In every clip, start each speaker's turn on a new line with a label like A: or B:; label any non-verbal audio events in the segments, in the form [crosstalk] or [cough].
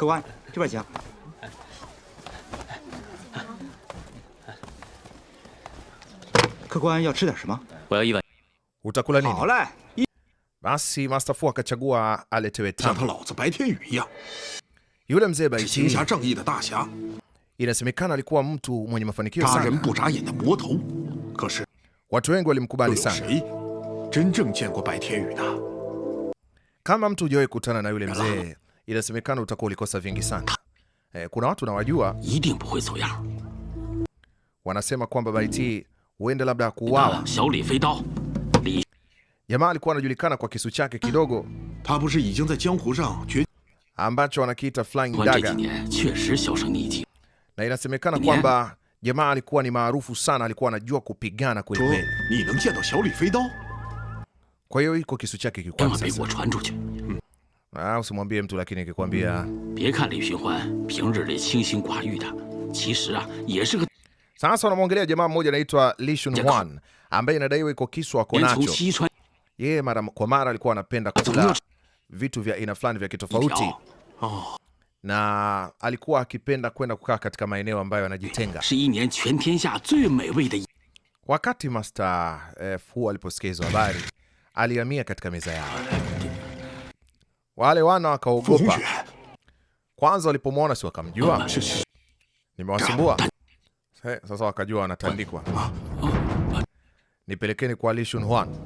A: Кивай, кивай, я. Utakula nini? Basi Master
B: Fu akachagua aletewe tamu. Yule mzee Bai Qing inasemekana alikuwa mtu mwenye mafanikio sana. Watu wengi walimkubali sana. Kama mtu hujawahi kutana na yule mzee inasemekana utakuwa
C: ulikosa vingi sana. E, kuna watu nawajua wanasema kwamba Baiti huenda labda kuwawa. Jamaa alikuwa
B: anajulikana kwa kisu chake kidogo ambacho
C: wanakiita flying dagger, na inasemekana kwamba jamaa alikuwa ni maarufu
B: sana, alikuwa anajua kupigana kweli
C: Kwa hiyo iko kisu chake kikwa Ah, usimwambie mtu lakini Sasa jamaa mmoja anaitwa Li Shunhuan ambaye inadaiwa iko kiswa ako nacho. Yeye mara kwa mara alikuwa anapenda kula vitu vya aina fulani vya kitofauti. Oh. Na alikuwa akipenda kwenda kukaa katika maeneo ambayo Wakati Master eh, Fu aliposikia hizo habari,
B: alihamia katika meza yao. Wale wana wakaogopa kwanza, walipomwona si wakamjua, ah, nimewasumbua sasa. Wakajua wanatandikwa.
D: Ah, ah, Nipelekeni kwa Li Shunhuan.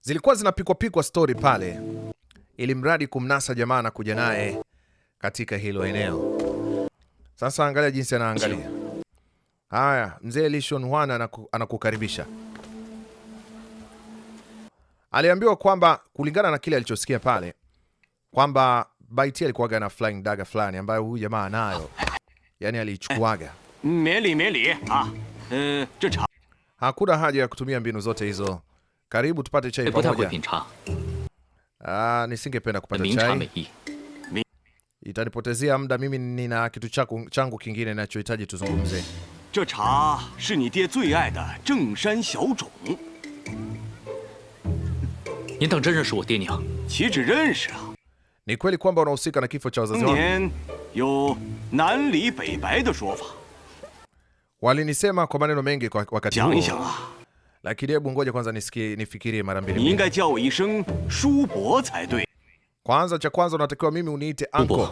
C: Zilikuwa zinapikwapikwa stori pale, ili mradi kumnasa jamaa
E: na kuja naye katika hilo eneo. Sasa angalia jinsi anaangalia. Haya, mzee Lishon Hwan anaku, anakukaribisha. Aliambiwa kwamba kulingana na kile alichosikia pale kwamba Baiti alikuwaga na flying dagger fulani ambayo huyu
F: jamaa anayo, Ah. Eh, eh. eh Hakuna haja ya kutumia mbinu
C: zote hizo. Karibu tupate chai pamoja. Ah, nisingependa kupata chai
E: itanipotezea muda. Mimi nina kitu chaku, changu kingine ninachohitaji tuzungumze. ce cha shi ni die zui ai de Zhengshan zhong.
C: Nin dang zhen shi wo die niang
F: qi zhi renshi a. Ni kweli kwamba unahusika na kifo cha wazazi wangu? yo nan li bei bai de shuo fa. Walinisema kwa maneno mengi kwa wakati huo. Lakini hebu ngoja kwanza nisikie nifikirie mara mbili. Ni ingai jiao yi sheng Shu Bo cai dui. Kwanza cha
C: kwanza unatakiwa mimi uniite anko.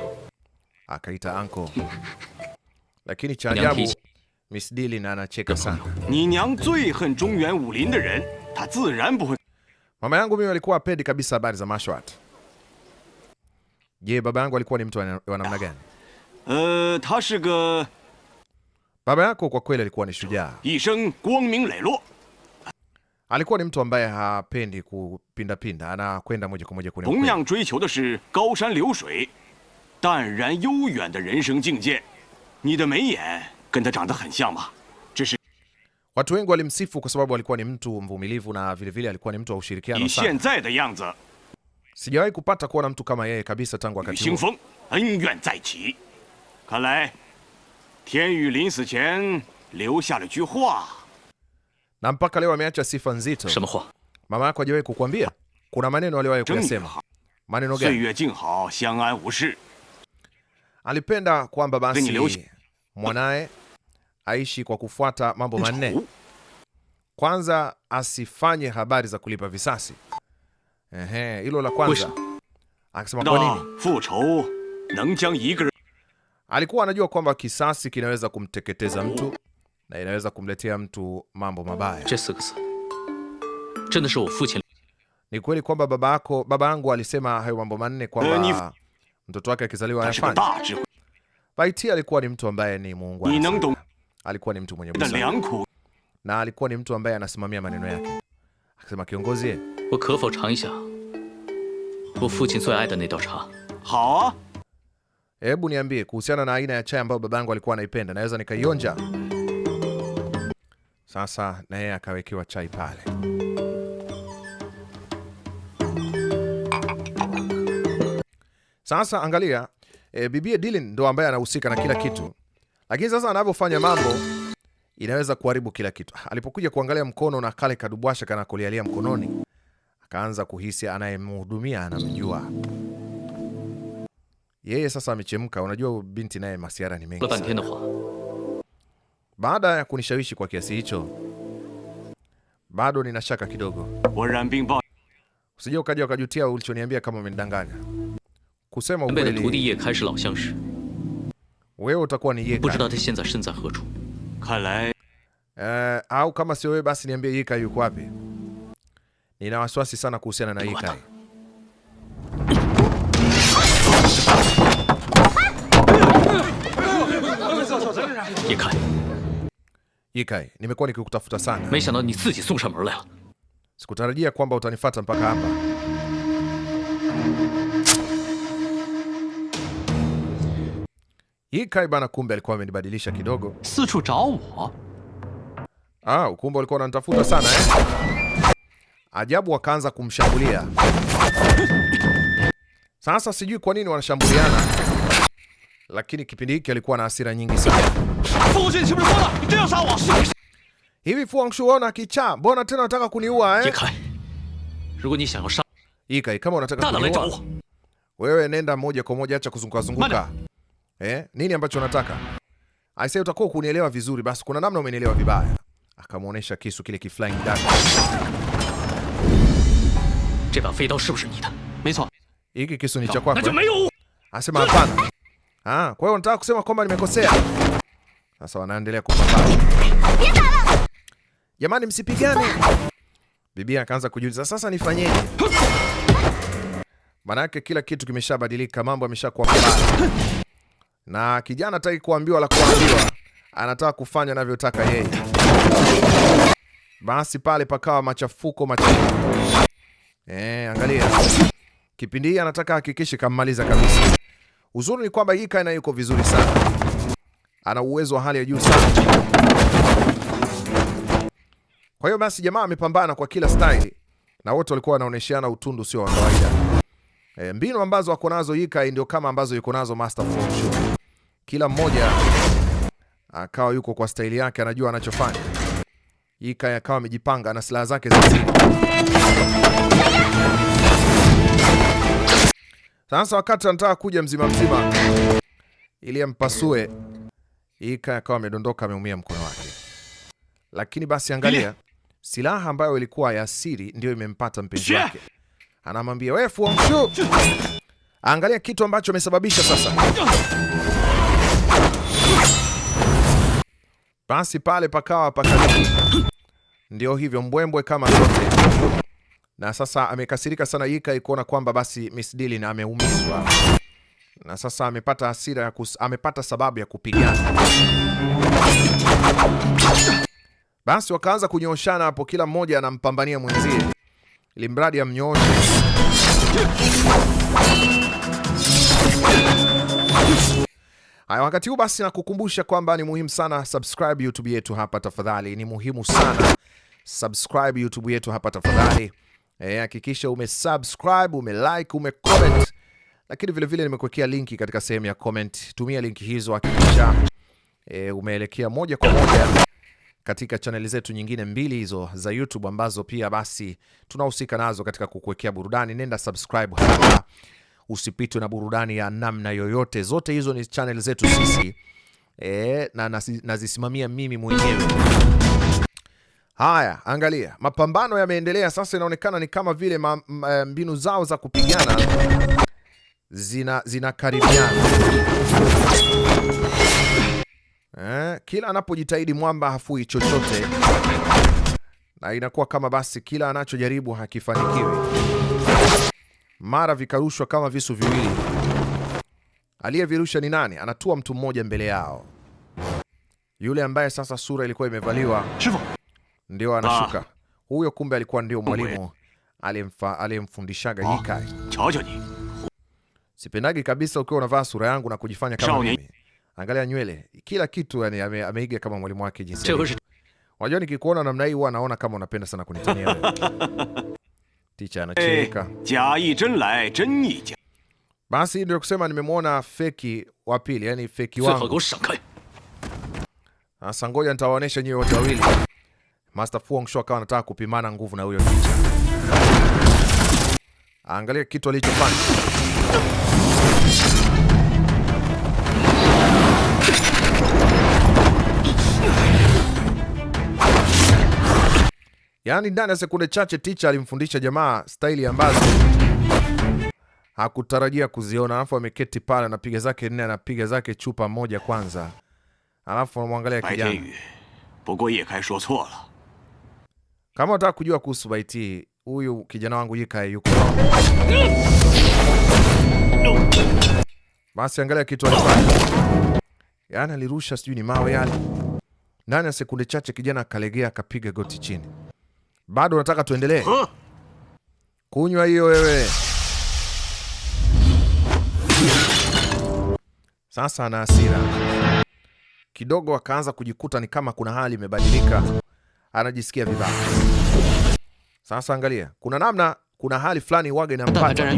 C: Akaita anko,
F: lakini cha ajabu Miss Dilin anacheka sana. Mama yangu mimi alikuwa apendi kabisa habari za mashwat. Je, baba yangu alikuwa ni mtu wa namna gani? Eh, baba yako kwa kweli alikuwa ni shujaa alikuwa ni mtu ambaye hapendi kupindapinda, anakwenda moja kwa moja kwenye tongyang zwiqiu de shi gao shan liu shui dan ran you yuan de renseng jingje ni de mei yan gen ta zhang de hen xiang ma Watu wengi walimsifu kwa sababu alikuwa ni mtu mvumilivu na vilevile vile alikuwa ni mtu wa ushirikiano sana. Sijawahi kupata kuona mtu kama yeye kabisa tangu wakati huo. Tian Yu lin si qian liu xia le ju hua na
C: mpaka leo ameacha sifa nzito. Mama yako hajawahi kukuambia?
F: Kuna maneno aliyowahi kuyasema. Maneno gani? Alipenda kwamba basi mwanaye aishi kwa kufuata mambo manne. Kwanza, asifanye habari
C: za kulipa visasi. Ehe, hilo la kwanza.
F: Akasema kwa nini? Alikuwa anajua kwamba kisasi kinaweza kumteketeza
C: mtu na inaweza kumletea mtu mambo mabaya. Ni kweli kwamba baba yako,
F: baba yangu alisema hayo mambo manne kwamba mtoto wake akizaliwa anafanya. Baiti alikuwa ni mtu ambaye ni Mungu, alikuwa ni mtu mwenye busara na alikuwa ni mtu ambaye anasimamia
C: maneno yake. Akasema, kiongozi,
F: hebu niambie kuhusiana na aina ya chai ambayo babangu alikuwa anaipenda, naweza nikaionja? Sasa
E: na yeye akawekewa chai pale. Sasa angalia, e, eh, bibie Dilin ndo ambaye anahusika na kila kitu, lakini sasa anavyofanya mambo inaweza kuharibu kila kitu. Alipokuja kuangalia mkono na kale kadubwasha kulialia mkononi, akaanza kuhisi
C: anayemhudumia anamjua yeye. Sasa amechemka. Unajua binti naye masiara ni mengi sana. Baada ya kunishawishi kwa kiasi hicho,
F: bado nina shaka kidogo. Usije ukaja ukajutia ulichoniambia
C: kama umenidanganya. Kusema ukweli, wewe utakuwa ni Ye
F: Kai. Eh, au kama sio wewe basi niambie Ye Kai yuko wapi?
C: Nina wasiwasi sana kuhusiana na Ye Kai. Ye Kai. Ikai, nimekuwa nikikutafuta sana. Sikutarajia kwamba utanifata mpaka hapa. Ikai bana, kumbe alikuwa amenibadilisha kidogo.
E: Ah, ukumbe alikuwa ananitafuta sana eh? Ajabu, wakaanza kumshambulia.
C: Sasa sijui kwa nini wanashambuliana lakini kipindi hiki alikuwa na hasira nyingi sana. Hivi Fu Hongxue unaona kichaa, mbona tena unataka kuniua eh? Ikai, kama unataka kuniua wewe nenda moja kwa moja, acha kuzunguka zunguka. Eh, nini ambacho unataka? Aise, utakuwa kunielewa vizuri basi, kuna namna umenielewa vibaya. Akamwonyesha kisu kile kiflying flying
E: Hiki kisu ni cha
C: kwako. Eh?
E: Asema hapana. Ah, kwa hiyo nataka kusema kwamba nimekosea. Sasa wanaendelea kupambana. Jamani, msipigane. Bibi akaanza kujiuliza sasa nifanyeje? Manake kila kitu kimeshabadilika, mambo yameshakuwa mabaya. Na kijana hataki kuambiwa la kuambiwa, anataka kufanya anavyotaka yeye. Basi pale pakawa machafuko machafuko. Eh, angalia. Kipindi hii anataka hakikishe kammaliza kabisa. Uzuri ni kwamba hii kaina yuko vizuri sana, ana uwezo wa hali ya juu sana. Kwa hiyo basi jamaa amepambana kwa kila style na wote walikuwa wanaoneshana utundu sio wa kawaida. E, mbinu ambazo wako nazo Hikaru ndio kama ambazo yuko nazo Master Fu Hongxue. Kila mmoja akawa yuko kwa style yake, anajua anachofanya. Hikaru akawa amejipanga na silaha zake za siri. Sasa wakati anataka kuja mzima mzima ili ampasue, Ika akawa amedondoka ameumia mkono wake. Lakini basi angalia, silaha ambayo ilikuwa ya siri ndio imempata mpenzi wake. Anamwambia wewe fu, angalia kitu ambacho amesababisha sasa. Basi pale pakawa paka ndio hivyo mbwembwe kama zote na sasa amekasirika sana Yika kuona kwamba basi Miss Dilin ameumizwa, na sasa amepata hasira ya kus, amepata sababu ya kupigana. Basi wakaanza kunyooshana hapo, kila mmoja anampambania mwenzie ili mradi amnyooshe. Haya, wakati huu basi nakukumbusha kwamba ni muhimu sana subscribe YouTube yetu hapa tafadhali, ni muhimu sana subscribe YouTube yetu hapa tafadhali. Eh, hakikisha e, umesubscribe, umelike, umecomment, lakini vile vile nimekuwekea linki katika sehemu ya comment. Tumia linki hizo, hakikisha e, umeelekea moja kwa moja katika chaneli zetu nyingine mbili hizo za YouTube ambazo pia basi tunahusika nazo katika kukuwekea burudani. Nenda subscribe hapa, usipitwe na burudani ya namna yoyote. Zote hizo ni chaneli zetu sisi e, na nazisimamia mimi mwenyewe. Haya, angalia mapambano yameendelea sasa, inaonekana ni kama vile ma, ma, eh, mbinu zao za kupigana zina zinakaribiana. Eh, kila anapojitahidi mwamba hafui chochote, na inakuwa kama basi kila anachojaribu hakifanikiwi, mara vikarushwa kama visu viwili. Aliyevirusha ni nani? Anatua mtu mmoja mbele yao, yule ambaye sasa sura ilikuwa imevaliwa
C: ndio anashuka. Ah. Huyo kumbe alikuwa ndio mwalimu
F: aliyemfundishaga Ye ah. Kai.
E: Sipendagi kabisa ukiwa unavaa sura yangu na kujifanya kama mimi. Angalia nywele, kila kitu yani ame, ameiga kama mwalimu wake jinsi. Wajua nikikuona namna hii huwa naona kama unapenda sana kunitania wewe. [laughs] Ticha eh, anacheka.
F: zhen zhen lai yi Jia
E: Basi ndio kusema nimemwona feki wa pili, yani feki wangu. Sasa ngoja nitawaonesha nyewe wote wawili. Master Fu Hongxue akawa anataka kupimana nguvu na huyo ninja. Angalia kitu alichofanya. Yaani ndani ya sekunde chache ticha alimfundisha jamaa staili ambazo hakutarajia kuziona, alafu ameketi pale anapiga zake nne, anapiga zake chupa moja kwanza, alafu anamwangalia kijana kama unataka kujua kuhusu bait huyu kijana wangu Yikae yuko basi, angalia kitu alifanya. Yaani alirusha sijui ni mawe yale. Ndani ya sekunde chache kijana akalegea akapiga goti chini. Bado unataka tuendelee? Kunywa hiyo wewe. Sasa ana hasira kidogo, akaanza kujikuta ni kama kuna hali imebadilika anajisikia vibaya. Sasa angalia, kuna namna, kuna hali fulani waga
C: inampata.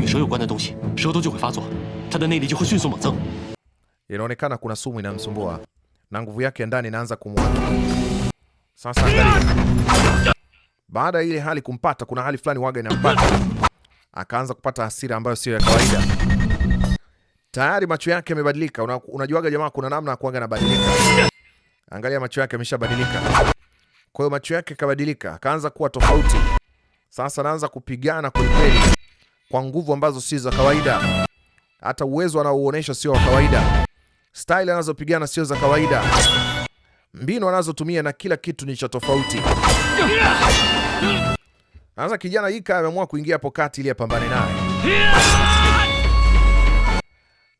E: Inaonekana kuna sumu inamsumbua na nguvu yake ndani inaanza kumwaga. Sasa angalia, baada ya ile hali kumpata, kuna hali fulani waga inampata, akaanza kupata hasira ambayo sio ya kawaida. Tayari macho yake yamebadilika. Unajuaga jamaa, kuna namna kuaga anabadilika. Angalia macho yake yameshabadilika. Kwa hiyo macho yake akabadilika akaanza kuwa tofauti. Sasa anaanza kupigana kwelikweli kwa nguvu ambazo si za kawaida, hata uwezo anaouonyesha sio wa kawaida, style anazopigana sio za kawaida, mbinu anazotumia na kila kitu ni cha tofauti. Sasa kijana Ika ameamua kuingia hapo kati ili apambane naye,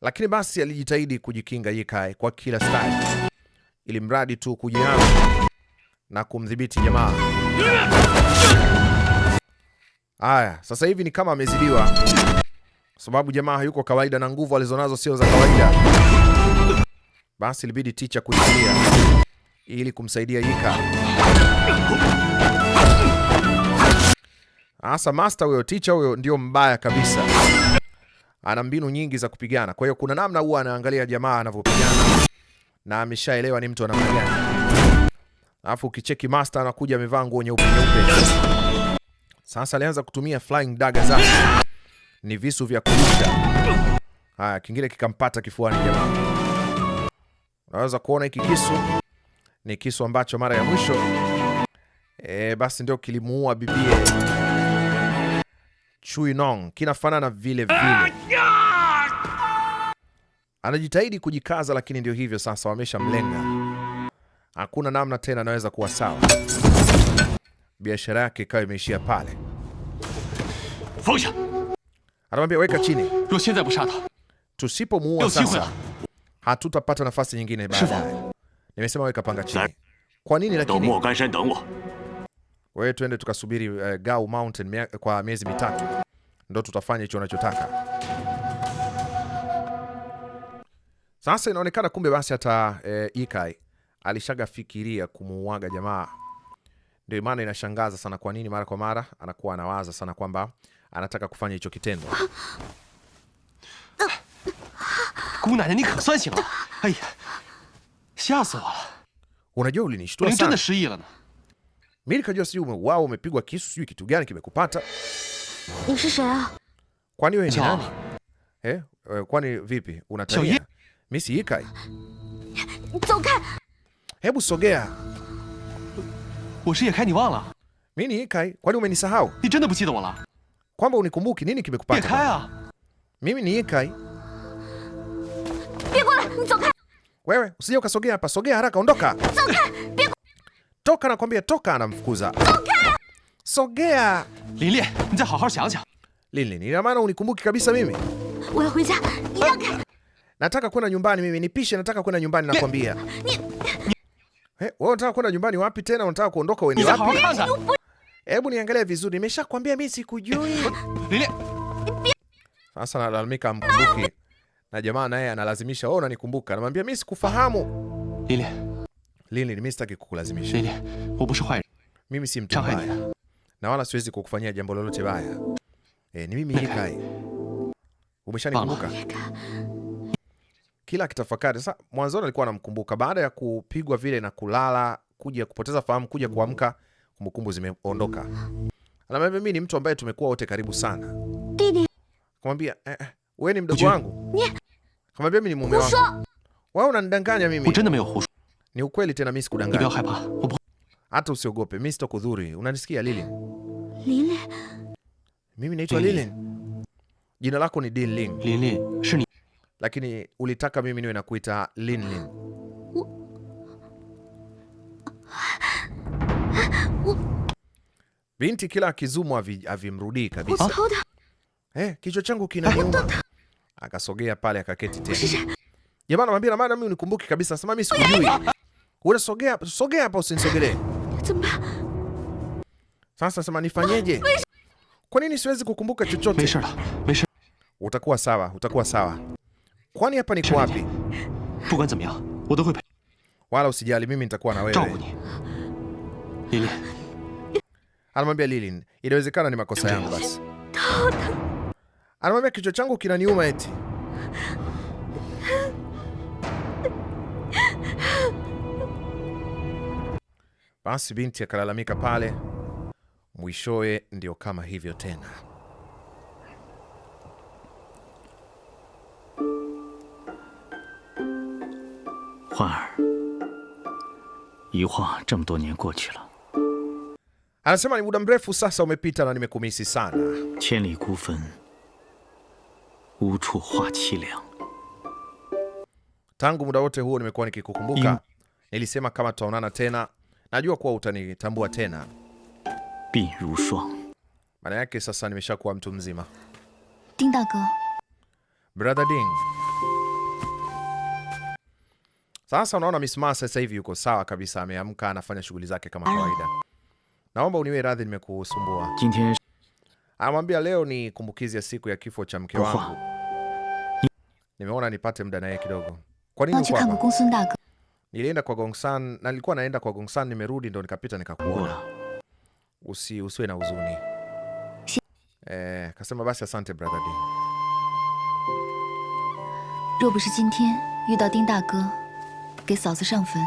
E: lakini basi alijitahidi kujikinga Ika kwa kila style, ili mradi tu kujihami na kumdhibiti jamaa. Aya, sasa hivi ni kama amezidiwa, sababu jamaa hayuko kawaida na nguvu alizonazo sio za kawaida. Basi ilibidi ticha kuingilia ili kumsaidia Yika. Asa master huyo, ticha huyo ndio mbaya kabisa, ana mbinu nyingi za kupigana. Kwa hiyo kuna namna huwa anaangalia jamaa anavyopigana na ameshaelewa ni mtu anamna Alafu ukicheki master anakuja amevaa nguo nyeupe nyeupe. Sasa alianza kutumia flying dagger zake. Ni visu vya kurusha. Haya, kingine kikampata kifuani jamaa. Unaweza kuona hiki kisu ni kisu ambacho mara ya mwisho e, basi ndio kilimuua bibie Chui Nong. Kinafanana vile vile. Ah, Anajitahidi kujikaza, lakini ndio hivyo sasa, wameshamlenga hakuna namna tena anaweza kuwa sawa. Biashara yake ikawa imeishia pale.
C: Anamwambia weka chini, tusipomuua sasa hatutapata nafasi nyingine baadaye. Nimesema weka panga chini. Kwa nini lakini?
E: Wewe tukasubiri uh, eh, Gao Mountain mea, kwa miezi mitatu ndo tutafanya hicho unachotaka. Sasa inaonekana kumbe basi hata uh, eh, Ikai alishagafikiria kumuuaga jamaa. Ndio maana inashangaza sana kwa nini mara kwa mara anakuwa anawaza sana kwamba anataka kufanya hicho kitendo.
C: Unajua, ulinishtua sana.
E: Mimi nikajua sijui umeuawa, umepigwa kisu, sijui kitu gani kimekupata.
C: Kwani wewe ni nani?
E: Eh, eh, kwani vipi? Unataka mimi si Ye Kai? Hebu sogea. Wewe ni Mimi ni Ikai, kwani umenisahau? Ni busi Kwamba unikumbuki nini
C: kimekupata? Ni Kai.
E: Mimi ni Ikai. Wewe usije ukasogea hapa, sogea haraka, ondoka. Toka nakwambia, toka, anamfukuza. Sogea. Lili, Lili, ni maana unikumbuki kabisa mimi? Wewe Nataka kwenda nyumbani mimi, nipishe, nataka kwenda nyumbani nakwambia. Eh, wewe unataka kwenda nyumbani wapi tena? Unataka kuondoka uende wapi? Hebu niangalie vizuri, nimeshakwambia mimi sikujui. Sasa nalalamika mkumbuki. na jamaa naye analazimisha, wewe unanikumbuka. Namwambia mimi
C: sikufahamu. Lile.
E: Lili, mimi sitaki kukulazimisha.
C: Lile. Mimi si mtu mbaya
E: na wala siwezi kukufanyia jambo lolote baya. Eh, ni mimi Hikai.
C: Umeshanikumbuka?
E: kila akitafakari sasa. Mwanzoni alikuwa anamkumbuka, baada ya kupigwa vile na kulala, kuja kupoteza fahamu, kuja mm-hmm. kuamka, kumbukumbu zimeondoka. Anamwambia mimi ni mtu ambaye tumekuwa wote karibu sana. Akamwambia eh, eh, wewe
C: ni mdogo wangu.
D: Akamwambia mimi ni mume wako.
C: Wewe unanidanganya mimi. Ni ukweli tena, mimi sikudanganya.
E: Hata usiogope, mimi sitokudhuri. Unanisikia Lili? Lili. Mimi naitwa Lili. Jina lako ni Dinling. shini lakini ulitaka mimi niwe nakuita Linlin. Binti kila akizumwa havimrudii kabisa. Eh, kichwa changu
D: kinaniuma.
E: Akasogea pale akaketi tena. Jamaa anamwambia na maana mimi unikumbuki kabisa. Sema
D: mimi sikujui.
E: sogea, sogea hapa usinisogelee. Sasa sema nifanyeje? Kwa nini siwezi kukumbuka chochote? Utakuwa sawa, utakuwa sawa. Kwani hapa niko wapi? Wala usijali, mimi nitakuwa na wewe. Anamwambia Lilin, inawezekana ni makosa yangu basi. Anamwambia kichwa changu kinaniuma eti. Basi binti akalalamika pale, mwishowe ndio kama hivyo tena.
F: 焕儿，一晃这么多年过去了。
E: Anasema ni muda mrefu sasa umepita na nimekumisi sana.
F: 千里孤坟，无处话凄凉。
E: Tangu muda wote huo nimekuwa nikikukumbuka. Nilisema kama tutaonana tena, najua kuwa utanitambua tena.
F: Bin ru shuang.
E: Maana yake sasa nimeshakuwa mtu mzima. Ding dago. Brother Ding. Sasa unaona Miss Ma sasa hivi yuko sawa kabisa, ameamka anafanya shughuli zake
D: kama kawaida.
F: Naomba uniwe radhi nimekusumbua.
E: Amwambia leo ni kumbukizi ya siku ya kifo cha mke wangu. Nimeona nipate muda naye kidogo.
D: Kwa nini uko hapa?
E: Nilienda kwa Gongsan, nilikuwa naenda kwa Gongsan, nimerudi ndo nikapita nikakuona. Usi usiwe na huzuni. Eh, kasema basi asante brother D.
D: 给嫂子上坟。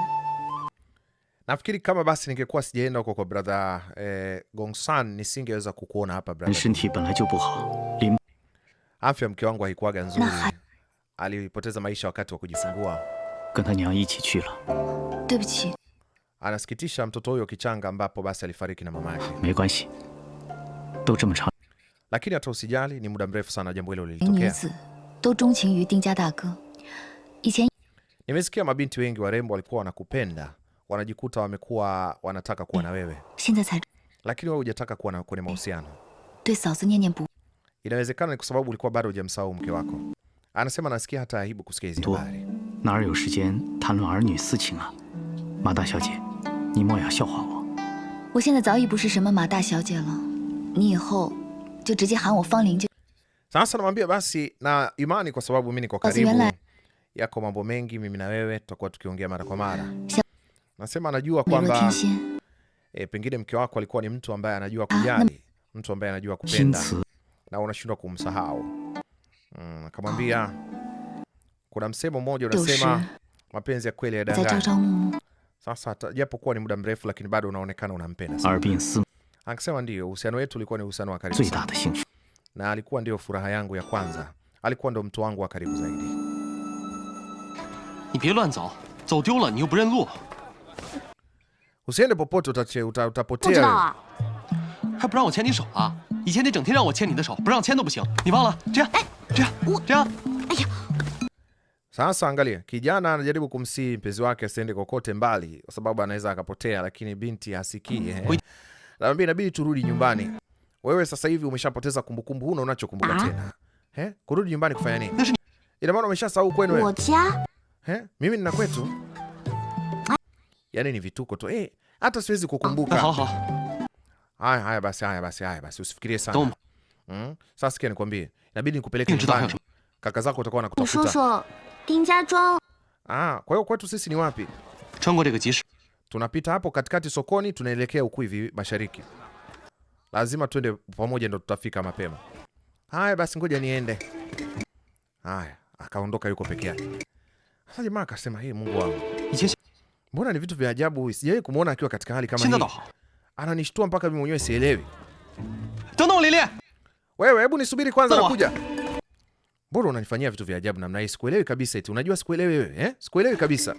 E: Nafikiri kama basi ningekuwa sijaenda huko kwa brother eh, Gongsan nisingeweza kukuona
F: hapa brother.
D: Afya mke wangu haikuwaga nzuri,
E: alipoteza maisha wakati wa kujifungua. Anasikitisha mtoto huyo kichanga, ambapo basi alifariki na mama yake. Lakini hata usijali, ni muda mrefu sana jambo hilo lilitokea. Nimesikia mabinti wengi warembo walikuwa wanakupenda, wanajikuta wamekuwa wanataka kuwa na wewe, lakini wewe hujataka kuwa kwenye mahusiano. Inawezekana ni kwa sababu ulikuwa bado hujamsahau mke wako. Anasema nasikia hata aibu kusikia hizi habari. Sasa namwambia basi na imani,
D: kwa sababu mimi niko karibu
E: yako mambo mengi, mimi na wewe tutakuwa tukiongea mara kwa mara. Nasema anajua kwamba e, pengine mke wako alikuwa ni mtu ambaye
D: anajua ah, kujali,
F: mtu ambaye anajua
E: kupenda na unashindwa kumsahau.
D: Mm, akamwambia ah. kuna msemo mmoja unasema mapenzi ya kweli yadanganya.
E: Sasa japokuwa ni muda mrefu, lakini bado unaonekana unampenda sana. Akasema ndio, uhusiano wetu ulikuwa ni uhusiano wa
F: karibu sana,
E: na alikuwa ndio furaha yangu ya kwanza, alikuwa ndo mtu wangu wa karibu zaidi.
C: 你别乱走，走丢了你又不认路。
E: Usiende popote utapotea. Uta, uta 不知
D: 道啊，
C: 还不让我牵你手啊？以前你整天让我牵你的手，不让牵都不行。你忘了？这样，这样，这样。
E: Sasa angalia, kijana anajaribu kumsihi mpenzi wake asiende kokote mbali, kwa sababu anaweza akapotea, lakini binti hasikii. Mm. Anamwambia inabidi turudi nyumbani. Wewe sasa hivi umeshapoteza kumbukumbu, huna unachokumbuka ah. tena. Eh? Kurudi nyumbani kufanya nini?
D: Ina maana umeshasahau kwenu wewe.
E: He? Mimi nina kwetu. Yaani ni vituko tu. Eh, hata siwezi kukumbuka. Ah, haya haya basi, haya basi, haya basi. Usifikirie sana. Mm. Sasa sikia nikwambie. Inabidi
C: nikupeleke nyumbani. Kaka
D: zako watakuwa wanakutafuta.
E: Ah, kwa hiyo kwetu sisi ni wapi? Tunapita hapo katikati sokoni tunaelekea huku hivi mashariki. Lazima tuende pamoja ndo tutafika mapema. Haya basi, ngoja niende. Haya, akaondoka yuko peke yake. Sasa akasema, hey, Mungu wangu, mbona ni vitu vya ajabu, sijawahi kumwona akiwa katika hali kama hii. Ananishtua mpaka mimi mwenyewe sielewi. Wewe hebu nisubiri kwanza, nakuja. Mbona unanifanyia vitu vya ajabu namna hii? Sikuelewi kabisa eti. Unajua sikuelewi wewe, eh? Sikuelewi kabisa.